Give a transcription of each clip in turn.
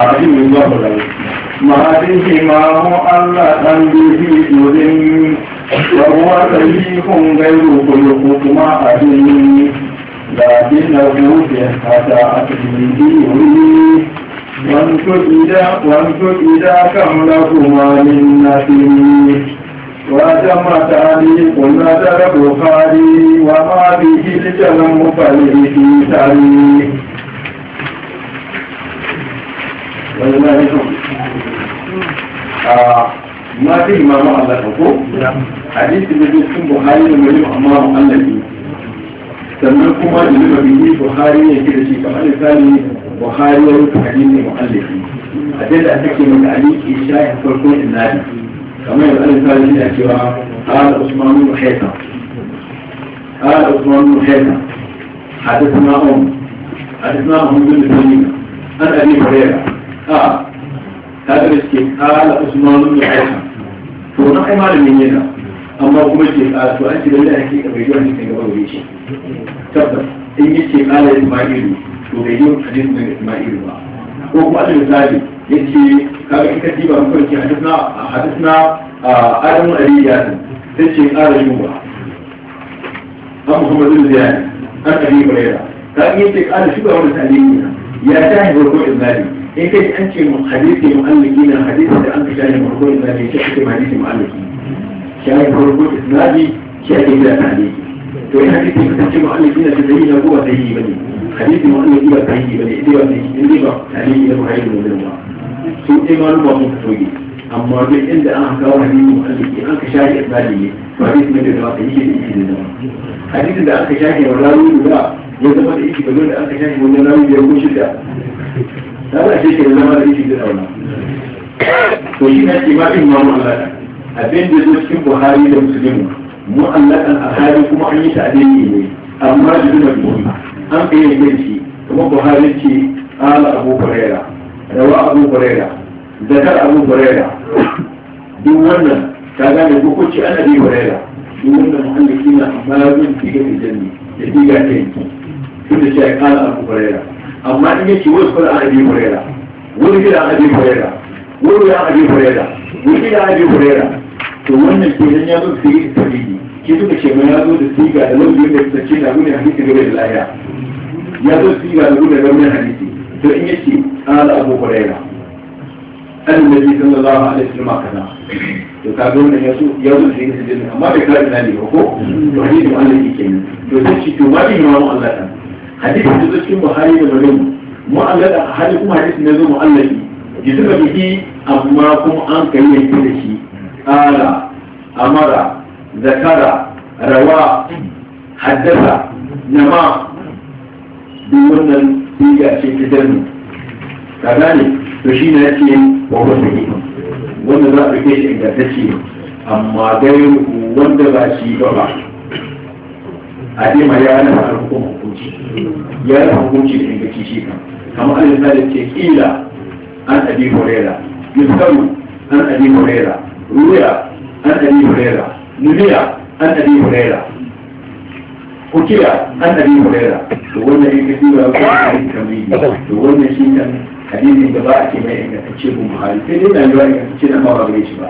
abin yin ba kula yi ma din shi ma mu Allah dan bi shi dudin wa huwa tayyibun ghayru kullu kuma abin da din na ku ya hada a cikin dini wanto ida wanto ida kam na kuma min nasin wa jama ta ni kunna da bukhari wa ma bi hijjalan mufalihi tari ما في ما ما الله حكم حديث يقول كم بخاري لما يجب أمام الله سمعكم ما يجب بيجي بخاري يكيد شيء كما يسالي بخاري يجب حديث مؤلف أجل أتك من عليك إشاء فرقون النادي كما يقول سالي من أكيرا قال عثمان وحيثا قال عثمان وحيثا حدثنا أم حدثنا أم أنا سليم أن أبي فريرة a ta da ke kala usmanu da aika to na kai malamin yana amma kuma ke kala to an ce da ake kabe yawan ne gaba gare shi tabbas in yi ke kala isma'ilu to bai yi hadisin da isma'ilu ba ko kuma da misali yace kaga in ka diba mun kai hadisna hadisna adamu aliyan tace kala yuwa an muhammadu ziyani an abi hurairah kaga yace kala shi ba wani talimi ya tahi ko ko izali إيه كيف تأكل من حديث المؤلفين الحديث اللي أنت شايف مرغوب إنك تحكم حديث المؤلفين شايف مرغوب إسنادي شايف إلى تعليق إيه في حديث مسجد المؤلفين الذي له قوة تهيبني حديث المؤلف إلى تهيبني إلى تهيبني إلى تهيبني إلى تهيبني إلى تهيبني سوء معلومة مفتوية أما رجل عند أن أقوى حديث المؤلفين أنك شايف إسنادي حديث من الواقعية الإنسان حديث اللي أنك شايف مرغوب لا يزمد إيكي بدون أنك شايف مرغوب لا يزمد هذا شيء كده لما ليش كده ولا وشي ناس ما في ما معلقة أبين بيزوج كم بخاري ده مسلم معلقة أخاري كم أني تعديني أما جدنا بقولنا أم إيه بنتي كم بخاري تي قال أبو هريرة روى أبو هريرة ذكر أبو هريرة دون kaga da hukunci ana bi warera duk wanda muhalli kina amma ya zo ki ga idan ne da diga kai to da shi ya kala abu warera amma in yake wasu kula a abi hurera wani gida a abi hurera wani gida a abi hurera wani gida a abi hurera to wannan ke nan ya zo su yi sabili ki suka ce ma ya zo da siga da wani yadda suka ce na gudun hadisi gaba da laya ya zo siga da gudun gaba hadisi to in yake ala abu hurera annabi sallallahu alaihi wasallam kana to ka ga wannan yaso ya zo da yake amma bai kare na ne ko to hadisi wannan yake ne to sai shi to ma bi imamu Allah ta hadisi da cikin buhari da muslim mu'allada hali kuma hadisi ne zo mu'allaki jisuka bihi amma kuma an kai yanki da shi qala amara zakara rawa haddasa nama duk wannan siga ce ta dalmi ka gane to shi ne yake wa wasu wanda za a ɗauke shi ingantacce amma gairu wanda ba shi ba ba alima ya na farko hukunci ya na hukunci da ingaci shi kan kamar an misali ce kila an abi horera yusamu an abi horera ruya an abi horera nuliya an abi horera kukiya an abi horera to wannan in ka duba ko an kamili to wannan shi kan hadisin da ba a ce mai ingantacce ko muhari sai dai na yiwa ingantacce na ba ba gare shi ba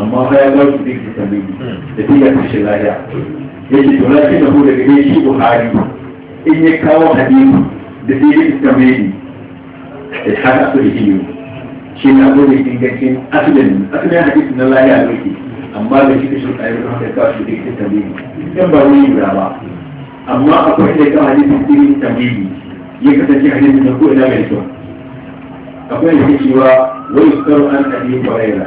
amma fa ya ba su duk da kamili da tiya ta shi lahiya yake to lakin da ku daga dai shi buhari in ya kawo hadisi da sai ya tambaye ni da hada su da shi shi na gode ingancin asalin asalin hadisi na lafiya da yake amma da shi da shi kai da haka ka shi da tambaye ni dan ba wani yura ba amma akwai da ka hadisi irin tambaye ya kasance hadisi na ko ina mai kyau akwai da cewa wai tsaro an hadisi kwarewa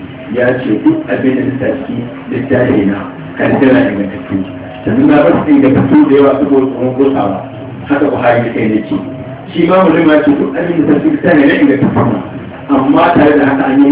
ya ce duk abin da ta da littafi na kan tana ingantattu sannan na ba su ingantattu da yawa su kuma kosawa haka buhari da kai ne ce shi ma mulima ce duk abin da ta ci littafi na ingantattu amma tare da haka an yi